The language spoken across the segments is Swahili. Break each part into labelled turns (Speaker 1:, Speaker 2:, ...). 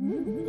Speaker 1: Mm-hmm.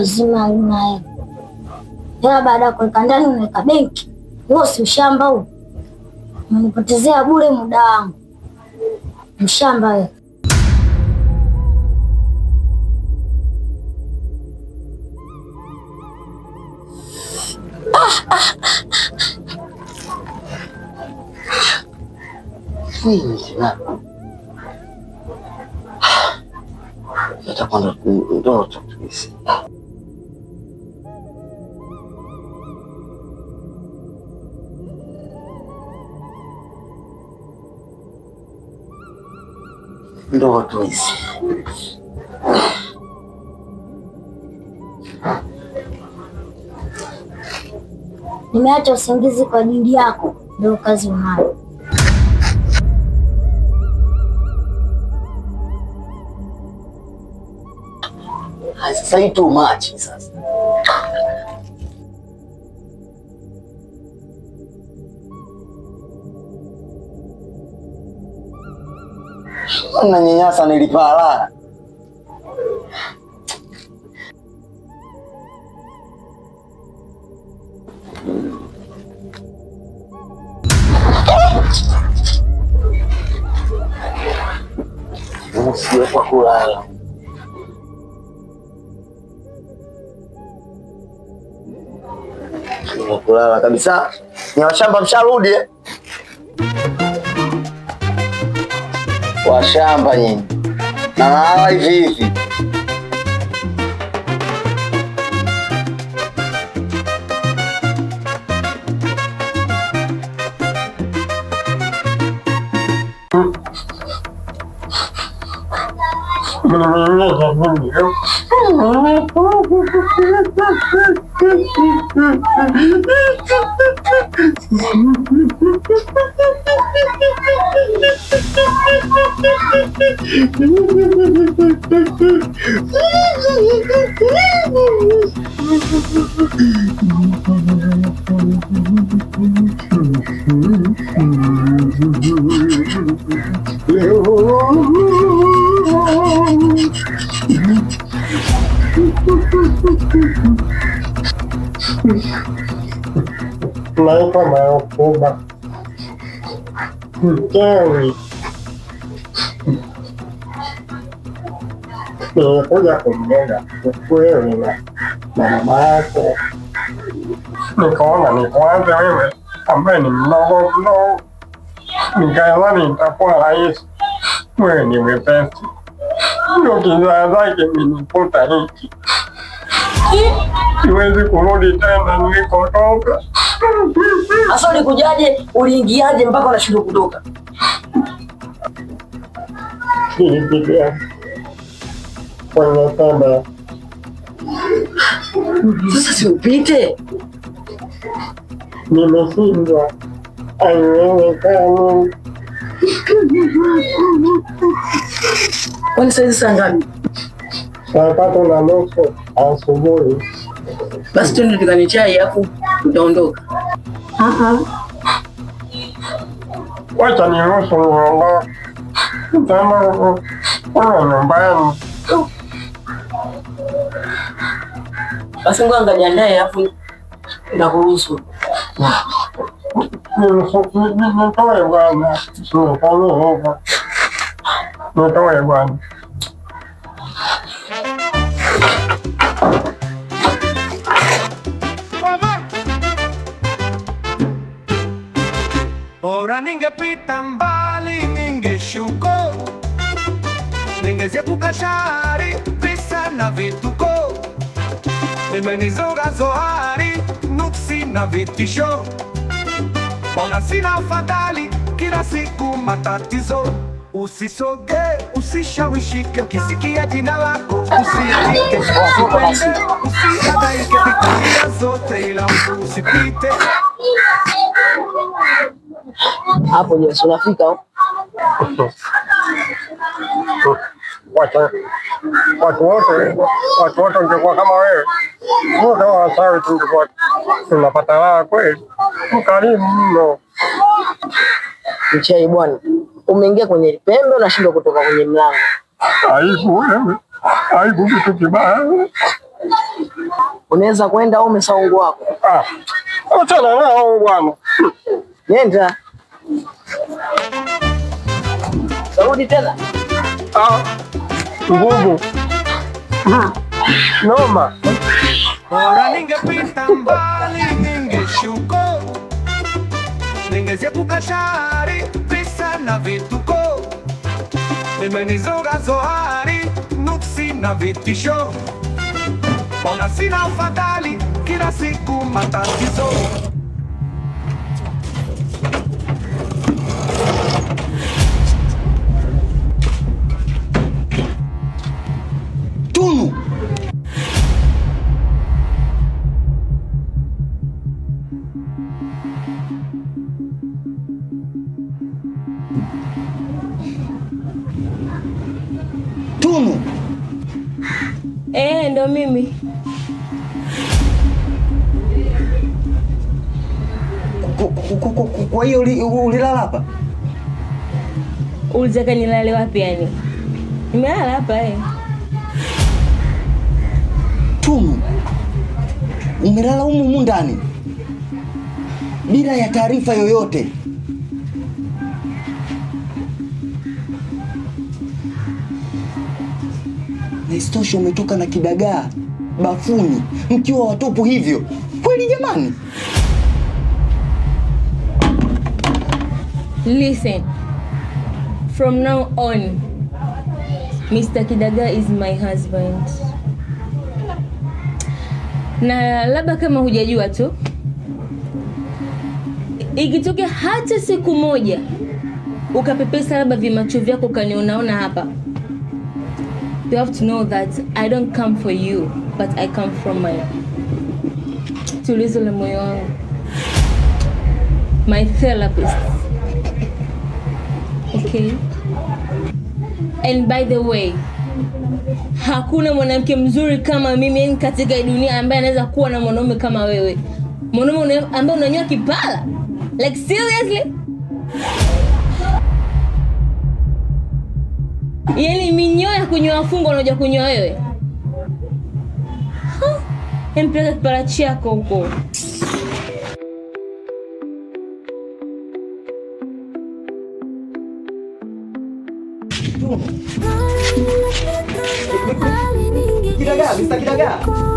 Speaker 1: nzima luna hela. baada ya kuweka ndani unaweka benki. Huo si ushamba huo? Unanipotezea bure muda wangu. Mshamba wewe.
Speaker 2: Ah, ah, ah, ah. ndoto hizi.
Speaker 1: Nimeacha usingizi kwa ajili yako, ndio kazi unayo.
Speaker 2: Sasa hii too much sasa. nanyanya sana di kepala. Siapa aku Kulala Aku tak bisa. Nyawa syambam syalu dia. washamba nyinyi, nalala hivi hivi.
Speaker 3: Planta mal, pomba. Então, kuja kumjenga ukweli na mama yake, nikaona nikuanze wewe ambaye ni mdogo mdogo, nikaona itakuwa rahisi, wewe ni mwepesi, ndio kizaa zake miniputa hiki, siwezi kurudi mi nilikotoka.
Speaker 4: Hasa ulikujaje? Uliingiaje mpaka unashindwa kutoka?
Speaker 3: kwenye tembe.
Speaker 4: Sasa si upite,
Speaker 3: nimeshindwa aiwezekani.
Speaker 4: Kwani saizi saa ngapi?
Speaker 3: Saa tatu na nusu asubuhi.
Speaker 4: Basi tuende tukanywe chai hapo utaondoka.
Speaker 3: Wacha niruhusu niondoke, tena kuna nyumbani
Speaker 4: basi ngoja ngajiandae alafu ndakuruhusu.
Speaker 3: Nitoe bwana. Bora ningepita mbali, ningeshuko, ningezepuka shari, pesa na vitu
Speaker 4: Nimenizoga zohari, nuksi na vitisho, bona sina afadhali, kila siku matatizo. Usisoge, usishawishike, ukisikia jina lako usiike, usipende, usihangaike, fikiria zote ila usipite hapo. Yesu, unafika
Speaker 3: watu wote watu wote ungekuwa kama wewe wote wawasawi, tungekuwa tunapata raha kweli. Mkarimu mno
Speaker 4: mchai bwana, umeingia kwenye pembe, unashindwa kutoka kwenye mlango.
Speaker 3: Aibu wewe, aibu
Speaker 4: Unaweza kwenda au umesaungu wako?
Speaker 3: Ah, achana nao bwana,
Speaker 4: nenda tena
Speaker 3: ah nguvu noma. Bora ningepita mbali, ningeshuka, ningeepuka shari, pesa na vituko, nimenizoga zohari, nuksi na vitisho,
Speaker 2: bona sina ufadhali, kila siku matatizo ndo mimi kwa hiyo ulilala hapa?
Speaker 1: Ulitaka nilale wapi? Yani nimelala hapa eh.
Speaker 2: Tunu, umelala humu humu ndani bila ya taarifa yoyote. Isitoshe umetoka na kidagaa bafuni mkiwa watupu hivyo kweli jamani?
Speaker 1: Listen. From now on, Mr. Kidaga is my husband. Na labda kama hujajua tu, ikitokea hata siku moja ukapepesa labda vimacho vyako kanionaona hapa they have to know that I don't come for you, but I come from my to la my my therapist. Okay. And by the way, hakuna mwanamke mzuri kama mimi yani katika dunia ambaye anaweza kuwa na mwanaume kama wewe, mwanaume ambaye unanyoa kipala like seriously Yaani minyoo ya kunywa fungo unaoja kunywa wewe. Empeleka yaani kiparachi yako huko.
Speaker 2: Kidagaa, Mr. Kidagaa.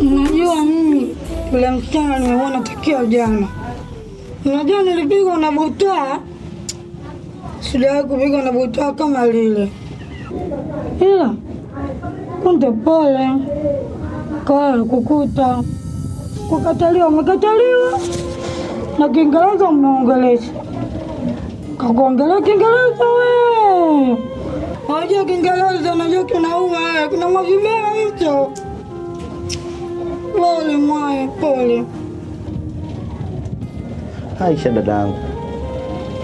Speaker 5: Unajua mimi yule msichana nimeona tokea jana. Unajua nilipigwa na butwaa, sijawahi kupigwa na butwaa kama lile, ila kunde pole kaa kukuta kukataliwa, umekataliwa na Kiingereza umeongelesha kakuongelea Kiingereza wewe Unajua Kiingereza, unajua kinauma, kuna mavibaya hicho. Pole mwae, pole.
Speaker 2: Aisha dadangu,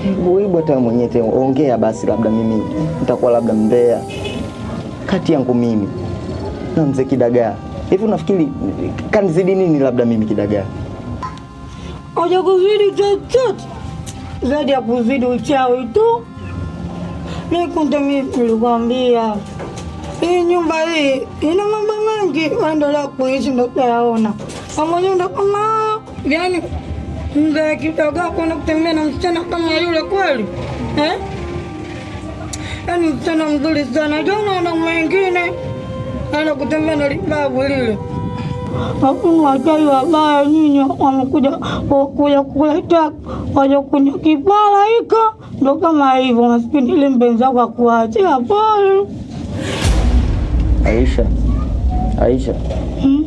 Speaker 2: hebu hebu hata mwenyewe ongea basi, labda mimi nitakuwa labda mbea kati yangu mimi na mzee Kidagaa. Hivi unafikiri kanizidi nini? Labda mimi Kidagaa
Speaker 5: hajakuzidi chochote zaidi ya kuzidi uchawi tu. Mikunde, mimi nilikwambia hii nyumba hii ina mambo mengi, waendelea kuishi ndo utayaona. Pamoja ndo kama yani mzee kidogo kuna kutembea na msichana kama yule kweli eh? Yani msichana mzuri sana, jana na wengine ana kutembea na libabu lile wachawi wabaya nyinyi wamekuja kuja kuleta waja kunya kipara hiko, ndo kama hivyo masipindili mpenzi wako akuachia pole.
Speaker 2: Aisha, Aisha, hmm?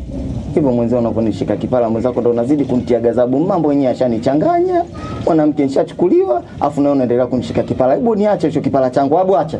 Speaker 2: Hivyo mwenzio unavyonishika kipara mwenzako ndo unazidi kumtia gazabu. Mambo yenyewe ashanichanganya, mwanamke nishachukuliwa, afu nawe unaendelea kunishika kipara. Hebu niache hicho kipara changu, abu acha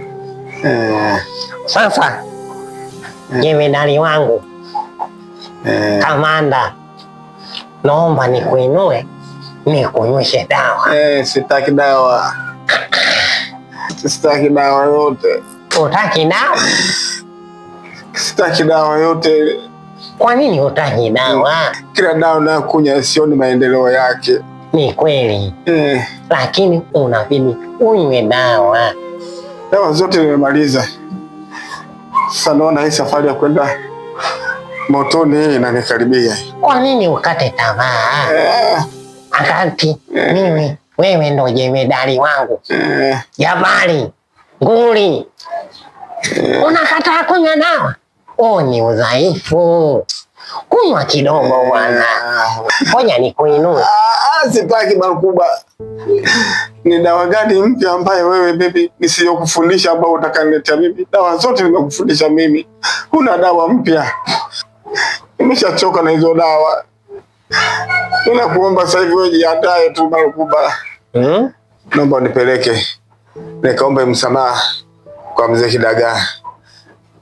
Speaker 6: Sasa eh. jemedari wangu eh, kamanda, naomba nikuinue nikunyweshe dawa
Speaker 7: eh. Sitaki dawa sitaki dawa yote.
Speaker 6: Utaki dawa?
Speaker 7: Sitaki dawa yote.
Speaker 6: Kwa nini utaki dawa?
Speaker 7: Kila dawa nakunya sioni maendeleo yake.
Speaker 6: Ni kweli eh, lakini unabidi unywe dawa.
Speaker 7: Dawa zote nimemaliza. Sasa naona hii safari ya kwenda motoni inanikaribia.
Speaker 6: Kwa nini ukate tamaa? Eh. Akati eh. Mimi wewe ndo jemedali wangu jabali eh. Nguli eh. Unakataa kunywa dawa, huo oh, ni udhaifu. Kunywa kidogo eh. bwana. Ngoja nikuinue.
Speaker 7: Ah, ah, sitaki Barukuba, ni dawa gani mpya ambaye wewe bibi nisiyokufundisha ambao utakaniletea mimi? Dawa zote nimekufundisha mimi, kuna dawa mpya. Nimeshachoka na hizo dawa. Ninakuomba sasa hivi wewe jiandae tu Barukuba. Mm? Naomba nipeleke nikaombe msamaha kwa mzee Kidagaa,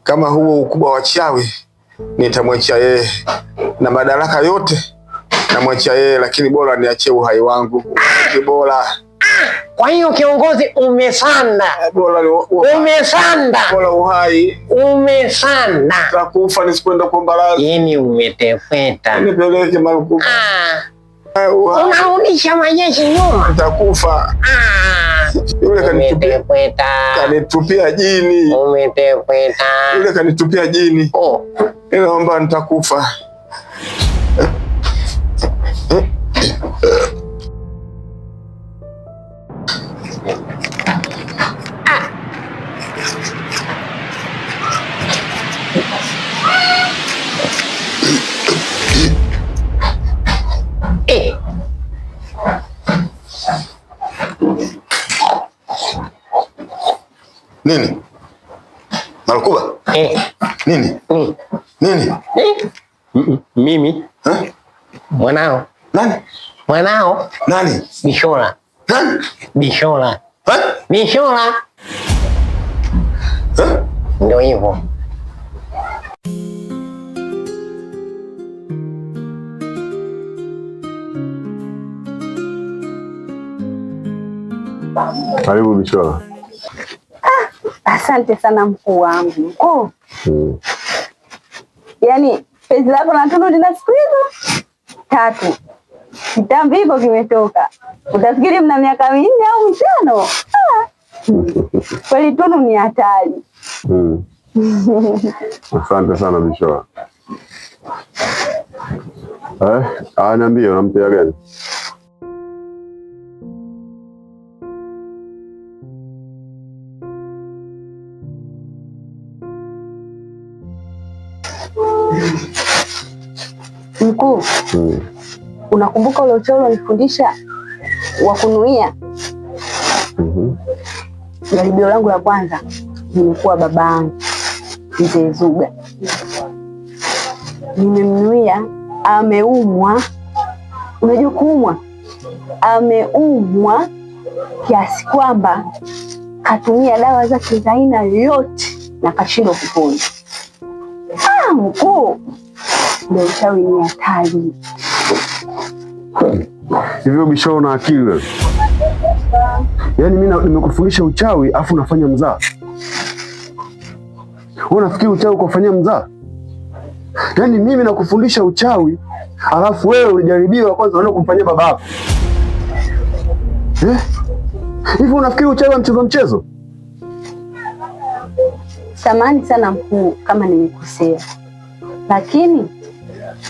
Speaker 7: kama huo ukubwa wa chawi nitamwachia yeye na madaraka yote namwachia yeye, lakini bora niachie uhai wangu ni bora.
Speaker 6: Kwa hiyo kiongozi, umesanda bora, umesanda,
Speaker 7: bora uhai
Speaker 6: umesanda,
Speaker 7: takufa nisikwenda kwa baraza.
Speaker 6: Yeye yaani umetefeta,
Speaker 7: nipeleke marukumu. Ah.
Speaker 6: Eh, Unarudisha majeshi nyuma,
Speaker 7: takufa. Ah.
Speaker 6: Yule kanitupia
Speaker 7: kanitupia jini,
Speaker 6: umetefeta.
Speaker 7: Yule kanitupia jini, oh. Inaomba nitakufa. Nini? malukuba Eh. Nini? Mm. Nini? Eh?
Speaker 2: Mimi. Mwanao. Nani? Mwanao. Nani? Bishora. Nani? Bishora. Ha? Bishora. Ha? Ndio hivyo.
Speaker 7: Karibu Bishora.
Speaker 8: Ah, asante sana mkuu wangu. Mkuu. Oh. Hmm yani pezi lako na tundu lina siku hizo tatu, kitambi hiko kimetoka, utafikiri mna miaka minne au mitano. Ah. Kweli tunu ni hatari. Hmm.
Speaker 7: Asante sana Bishoa. Eh, niambie unampea gani?
Speaker 8: unakumbuka ule uchawi walifundisha wa kunuia? mm -hmm. langu la kwanza nilikuwa yangu mzee Zuga, nimemnuia ameumwa. Unajua kuumwa, ameumwa kiasi kwamba katumia dawa zake za aina yote na kashindwa kupona. Ah, mkuu, ndio uchawi ni hatari
Speaker 7: hivyo bisho, na akili wewe? Yaani mimi nimekufundisha uchawi afu unafanya mzaa? Wewe unafikiri uchawi ukufanyia mzaa? Yaani mimi nakufundisha uchawi alafu wewe unajaribiwa kwanza unaenda kumfanyia baba yako eh? Hivi unafikiri uchawi wa mchezo mchezo?
Speaker 8: Samani sana mkuu kama nimekosea, lakini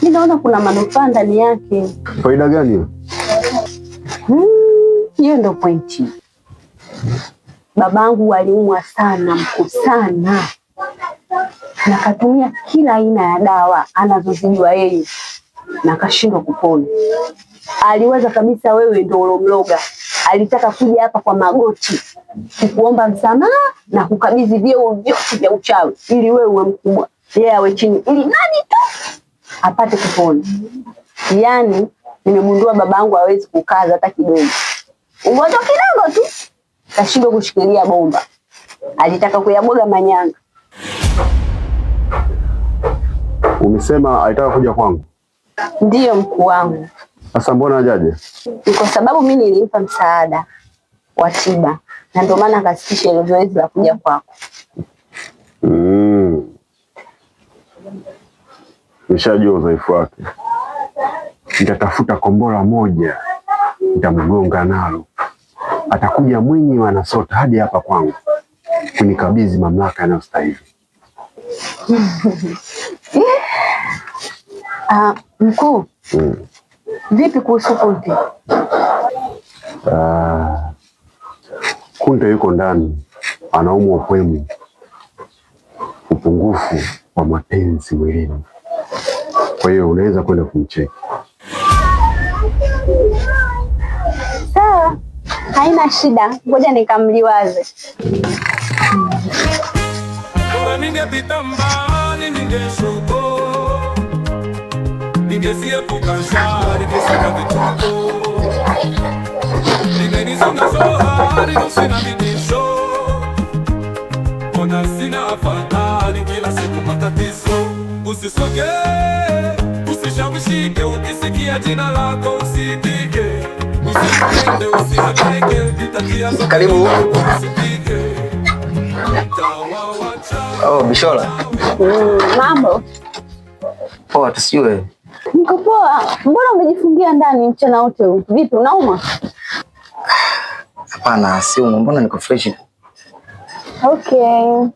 Speaker 8: mi naona kuna manufaa ndani yake.
Speaker 7: Faida gani hmm,
Speaker 8: hiyo? Hiyo ndo pointi. Babangu aliumwa sana mko sana, na katumia kila aina ya dawa anazozijua yeye na kashindwa kupona. Aliwaza kabisa wewe ndo ulomloga. Alitaka kuja hapa kwa magoti kukuomba msamaha na kukabidhi vyeo vyote vya uchawi ili wewe uwe mkubwa, yeye awe chini, ili nani tu apate kupona. Yaani nimegundua babangu hawezi kukaza hata kidogo, ugonjwa kidogo tu kashindwa kushikilia bomba, alitaka kuyabwaga manyanga.
Speaker 7: Umesema alitaka kuja kwangu?
Speaker 8: Ndiyo mkuu wangu.
Speaker 7: Sasa mbona hajaje?
Speaker 8: Ni kwa sababu mimi nilimpa msaada wa tiba na ndio maana akasitisha hilo zoezi la kuja kwako. Mm.
Speaker 7: Nishajua udhaifu wake, nitatafuta kombora moja nitamgonga nalo, atakuja mwinyi wanasota hadi hapa kwangu kunikabidhi mamlaka yanayostahili.
Speaker 8: Uh, mkuu, mm. Vipi kuhusu Kunte?
Speaker 7: Uh, Kunte yuko ndani anaumwa upwemu, upungufu wa mapenzi mwilini. Kwa hiyo unaweza kwenda kumcheki.
Speaker 8: Sawa, eh, haina shida, ngoja nikamliwaze.
Speaker 2: Ona sina afadhali, kila siku matatizo, usisogee nishike, ukisikia jina lako usipige, usipende, usihangaike, nitatia karibu usipige. Oh, Bishola.
Speaker 8: Mm, mambo.
Speaker 2: Poa, tusijue.
Speaker 8: Niko poa. Mbona umejifungia ndani mchana wote huu? Vipi, unauma?
Speaker 2: Hapana, siumu. Mbona niko fresh.
Speaker 8: Okay.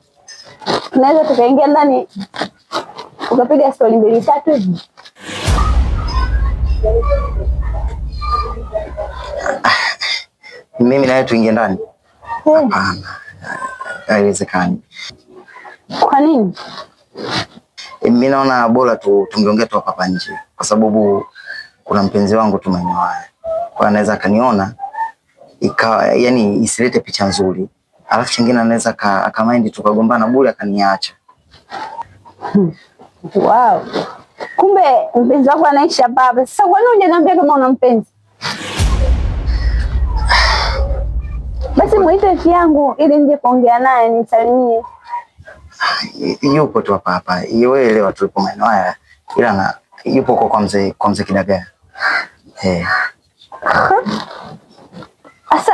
Speaker 8: Tunaweza tukaingia ndani ukapiga stori mbili tatu hivi
Speaker 2: mimi naye tuingie ndani? Hmm. Hapana, haiwezekani. Kwa nini? Mimi naona bora tu tungeongea tu hapa nje, kwa sababu kuna mpenzi wangu tu kwa anaweza akaniona ikawa yani isilete picha nzuri, alafu chingine anaweza akamaindi tukagombana bure akaniacha.
Speaker 8: Hmm. Wow kumbe mpenzi wako anaisha baba. Sasa kwa nini hujaniambia kama una mpenzi? Basi mwite yangu ili nje kuongea naye nisalimie.
Speaker 2: Ah, yupo tu hapa hapa, wewe elewa tu maneno haya, ila na yupo kwa mzee kwa mzee Kidagaa. Eh.
Speaker 8: Sasa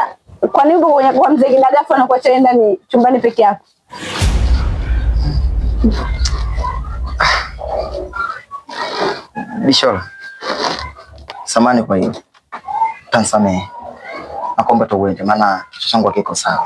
Speaker 8: kwa nini uko kwa mzee Kidagaa? Anakuacha enda ni chumbani peke yako?
Speaker 2: Bishola, samani kwa hiyo, tansamehe, nakomba tuwende, maana kichwa changu hakiko sawa.